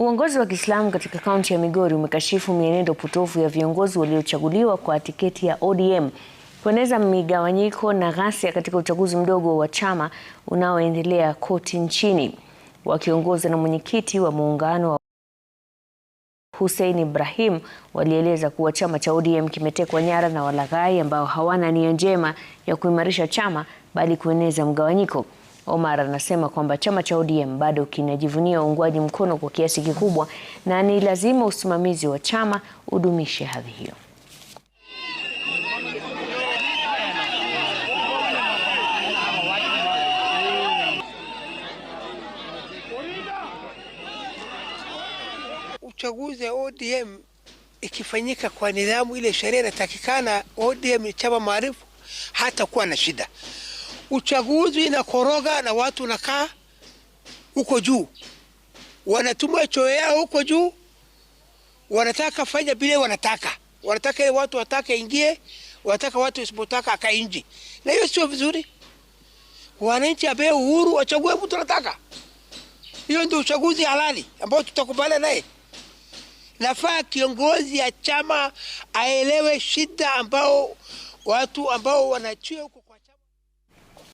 Uongozi wa Kiislamu katika kaunti ya Migori umekashifu mienendo potofu ya viongozi waliochaguliwa kwa tiketi ya ODM kueneza migawanyiko na ghasia katika uchaguzi mdogo wa chama unaoendelea kote nchini. Wakiongoza na mwenyekiti wa muungano wa Hussein Ibrahim walieleza kuwa chama cha ODM kimetekwa nyara na walaghai ambao hawana nia njema ya kuimarisha chama bali kueneza mgawanyiko. Omar anasema kwamba chama cha ODM bado kinajivunia uungwaji mkono kwa kiasi kikubwa na ni lazima usimamizi wa chama udumishe hadhi hiyo. Uchaguzi wa ODM ikifanyika kwa nidhamu, ile sheria inatakikana, ODM ni chama maarufu, hata kuwa na shida uchaguzi na koroga na watu nakaa huko juu, wanatuma choyo yao huko juu, wanataka fanya bile wanataka, wanataka ile watu wataka ingie, wanataka watu isipotaka akainji, na hiyo sio vizuri. Wananchi apewe uhuru, wachague mtu anataka. Hiyo ndio uchaguzi halali ambao tutakubaliana naye. Nafaa kiongozi ya chama aelewe shida ambao watu ambao wanachia